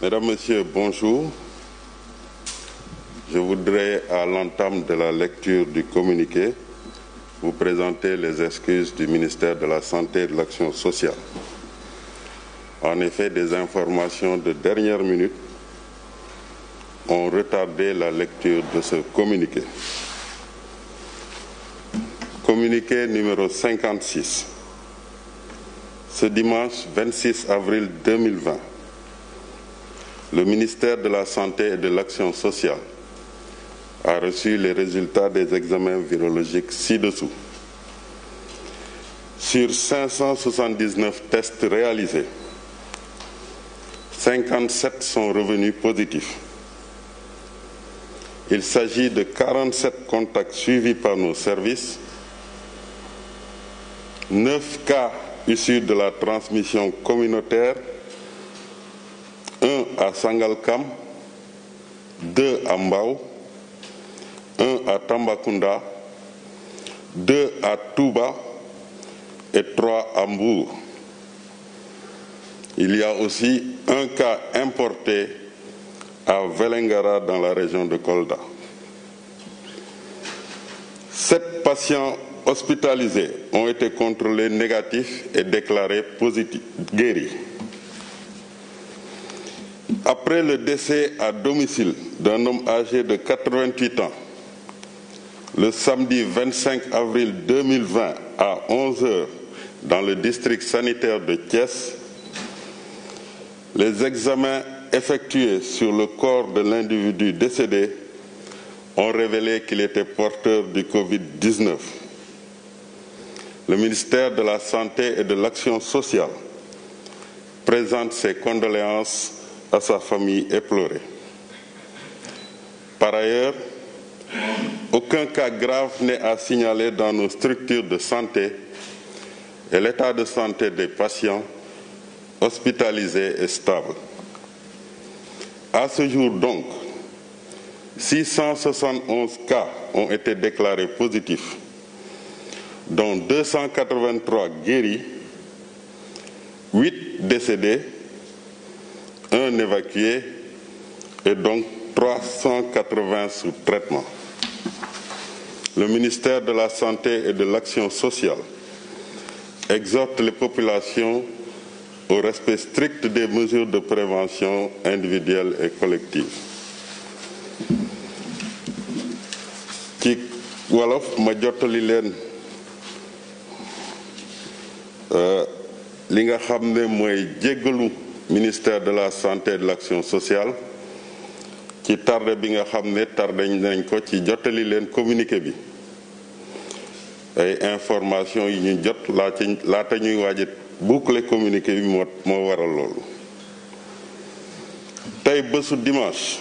Mesdames, Messieurs, bonjour. Je voudrais, à de la lecture du communiqué, vous présenter les excuses du ministère de la Santé et de l'Action sociale. des informations de dernière minute ont retardé la lecture de ce communiqué. Communiqué numéro 56. Ce dimanche 26 avril 2020, le ministère de la Santé de l'Action sociale a les résultats des examens virologiques ci-dessous. Sur 579 tests réalisés, 57 sont revenus positifs. Il s'agit de 47 contacts suivis par nos services, 9 cas issus de la transmission communautaire à Sangalkam, deux à Mbao, à Tambacounda, deux à Touba et trois à Mbour. Il y a aussi un cas importé à Velengara dans la région de Kolda. Sept patients hospitalisés ont été contrôlés négatifs et déclarés positifs, guéris. Après le décès à domicile d'un homme âgé de 88 ans, le samedi 25 avril 2020 à 11h dans le district sanitaire de Thiès, les examens effectués sur le corps de l'individu décédé ont révélé qu'il était porteur du Le ministère de la Santé et de l'Action sociale présente ses condoléances à sa famille éplorée. Par ailleurs, aucun à signaler dans nos structures de santé et l'état de santé des patients hospitalisés est stable. À ce jour donc, 671 cas ont été déclarés positifs, dont 283 guéris, 8 décédés un évacué et donc 380 sous traitement. Le ministère de la Santé et de l'Action sociale exhorte les populations au respect strict des mesures de prévention individuelle et collective. ci wolof ma jottali leen euh, li nga xam ne mooy jéggalu ministère de la santé et de l'action sociale ci tardé bi nga xam ne tardé nañ ko ci jottali leen communiqué bi ay information yu ñu jot laa ci laata ñuy waaje boucler communiqué bi moo moo waral loolu tey bésu dimanche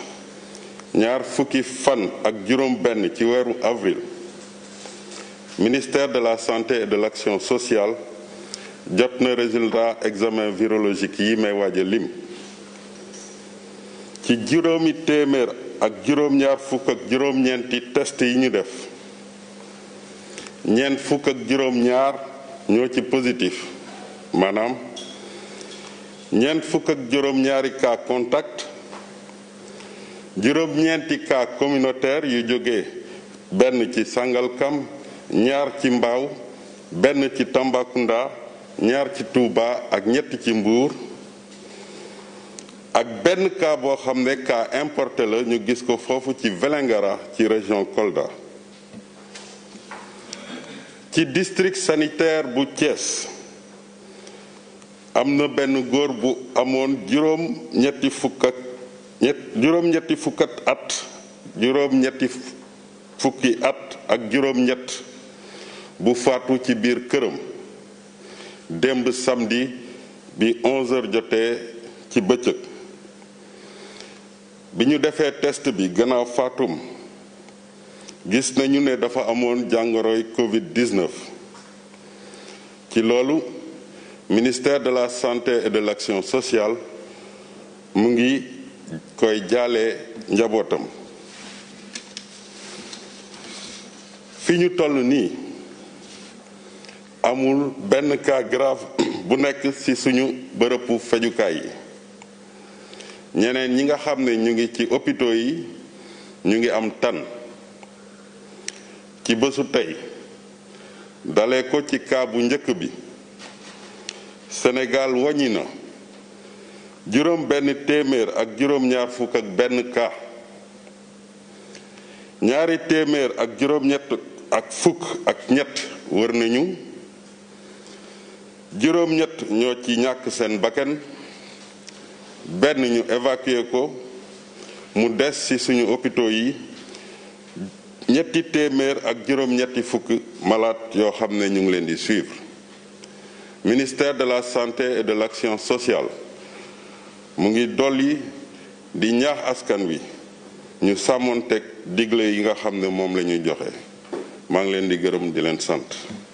ñaar fukki fan ak juróom benn ci weeru avril ministère de la santé de l'action sociale jot na résultat examen virologique yi may waaj a lim ci juróomi téeméer ak juróom-ñaar fukk ak juróom-ñeenti test yi ñu def ñeent fukk ak juróom-ñaar ñoo ci positif maanaam ñeent fukk ak juróom-ñaari cas contact juróom-ñeenti cas communautaire yu jóge benn ci Sangalkam ñaar ci Mbao benn ci Tambacounda ñaar ci Touba ak ñett ci Mbour ak benn kaa boo xam ne kaa importé la ñu gis ko foofu ci Vélingara ci région Kolda ci district sanitaire bu Thiès am na benn góor bu amoon juróom ñetti fukk ak fukkat at juróom ñett bu faatu ci biir këram démb samdi bi 11h jotee ci bëccëg bi ñu defee test bi gannaaw Fatum gis nañu ne dafa amoon jàngoroy Covid-19 ci loolu ministère de la santé et de l'action sociale mu ngi koy jaalee njabootam fi ñu toll nii amul benn cas grave bu nekk ci suñu bërëbu fajukaay yi ñeneen ñi nga xam ne ñu ngi ci hôpitaux yi ñu ngi am tan ci bésu tey dale ko ci cas bu njëkk bi senegal wàññi na juróom benn téeméer ak juróom-ñaar ñaari téeméer ak juróom fukk ak ñett wër nañu juróom-ñett ñoo ci ñàkk seen bakken benn ñu évacué ko mu des ci suñu hôpitaux yi ñetti téeméer ak juróom-ñetti fukk malaat yoo xam ne ñu ngi leen di suivre ministère de la santé et de l'action sociale mu ngi dolli di ñaax askan wi ñu sàmmoon teg digle yi nga xam ne moom la ñuy joxe maa ngi leen di gërëm di leen sant